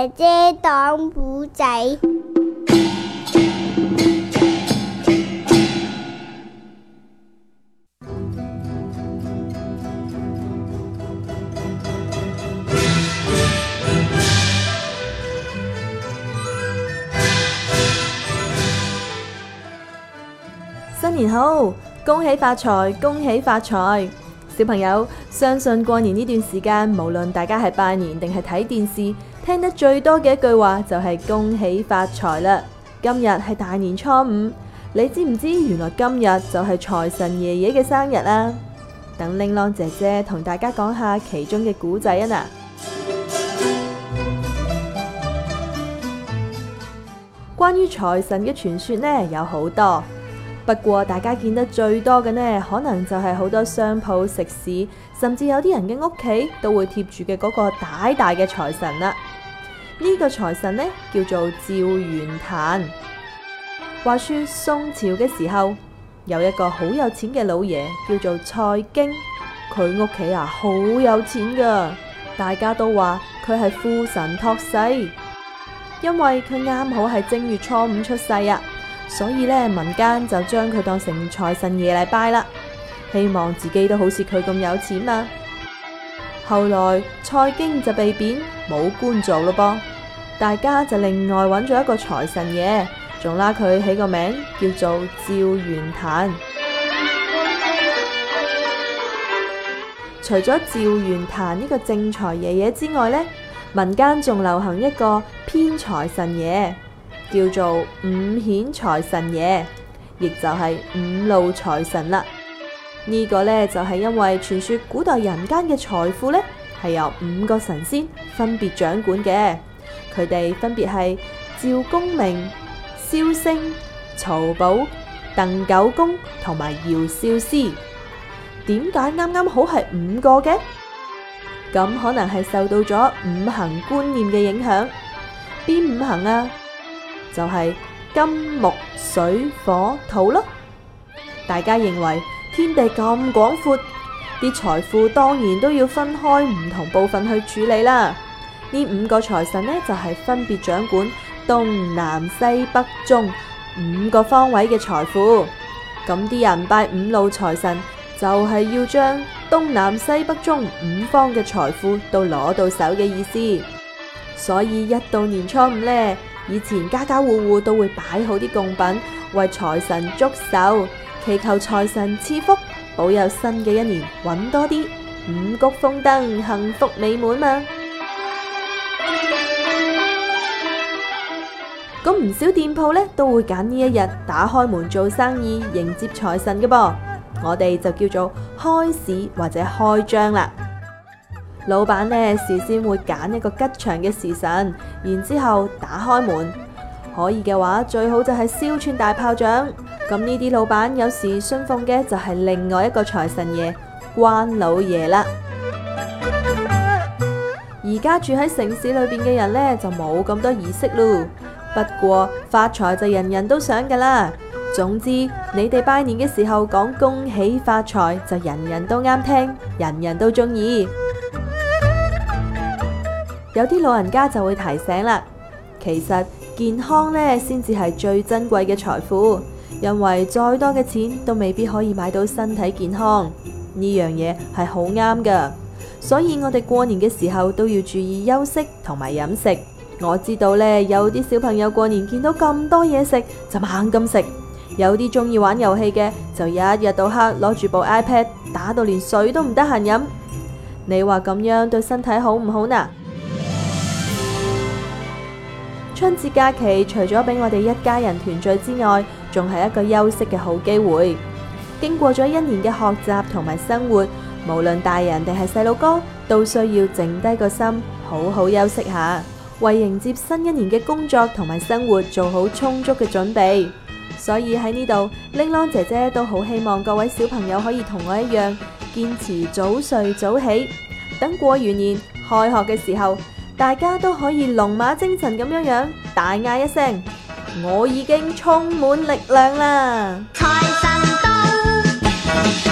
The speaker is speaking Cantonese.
姐姐講古仔。新年好，恭喜發財，恭喜發財！小朋友，相信過年呢段時間，無論大家係拜年定係睇電視。聽得最多嘅一句話就係恭喜發財啦！今日係大年初五，你知唔知原來今日就係財神爺爺嘅生日啊？等令浪姐姐同大家講下其中嘅古仔啊！嗱，關於財神嘅傳說呢，有好多，不過大家見得最多嘅呢，可能就係好多商鋪、食肆，甚至有啲人嘅屋企都會貼住嘅嗰個大大嘅財神啦。呢個財神呢，叫做趙元壇。話說宋朝嘅時候，有一個好有錢嘅老爺叫做蔡京，佢屋企啊好有錢㗎，大家都話佢係富神託世，因為佢啱好係正月初五出世啊，所以呢，民間就將佢當成財神爺嚟拜啦，希望自己都好似佢咁有錢嘛、啊。後來蔡京就被貶冇官做咯噃。大家就另外揾咗一個財神爺，仲拉佢起個名叫做趙元壇。 除咗趙元壇呢個正財爺爺之外呢，民間仲流行一個偏財神爺，叫做五顯財神爺，亦就係五路財神啦。呢個呢，就係因為傳說古代人間嘅財富呢，係由五個神仙分別掌管嘅。佢哋分別係趙公明、蕭升、曹寶、鄧九公同埋姚少司。點解啱啱好係五個嘅？咁可能係受到咗五行觀念嘅影響。邊五行啊？就係金木水火土咯。大家認為天地咁廣闊，啲財富當然都要分開唔同部分去處理啦。呢五個財神呢就係、是、分別掌管東南西北中五個方位嘅財富，咁啲人拜五路財神就係、是、要將東南西北中五方嘅財富都攞到手嘅意思。所以一到年初五呢，以前家家戶戶都會擺好啲供品為財神祝壽，祈求財神賜福，保佑新嘅一年揾多啲，五穀豐登，幸福美滿嘛。咁唔少店鋪咧都會揀呢一日打開門做生意，迎接財神嘅噃，我哋就叫做開市或者開張啦。老闆呢，事先會揀一個吉祥嘅時辰，然之後打開門，可以嘅話最好就係燒串大炮仗。咁呢啲老闆有時信奉嘅就係另外一個財神爺關老爺啦。而家住喺城市裏邊嘅人呢，就冇咁多儀式咯。不過發財就人人都想噶啦。總之，你哋拜年嘅時候講恭喜發財就人人都啱聽，人人都中意。 有啲老人家就會提醒啦，其實健康咧先至係最珍貴嘅財富，因為再多嘅錢都未必可以買到身體健康。呢樣嘢係好啱噶，所以我哋過年嘅時候都要注意休息同埋飲食。我知道呢，有啲小朋友過年見到咁多嘢食就猛咁食，有啲中意玩遊戲嘅就一日到黑攞住部 iPad 打到連水都唔得閒飲。你話咁樣對身體好唔好呢？嗱？ 春節假期除咗俾我哋一家人團聚之外，仲係一個休息嘅好機會。經過咗一年嘅學習同埋生活，無論大人定係細路哥，都需要靜低個心，好好休息下。為迎接新一年嘅工作同埋生活，做好充足嘅準備，所以喺呢度，玲瓏姐姐都好希望各位小朋友可以同我一樣堅持早睡早起，等過完年開學嘅時候，大家都可以龍馬精神咁樣樣，大嗌一聲，我已經充滿力量啦！財神到！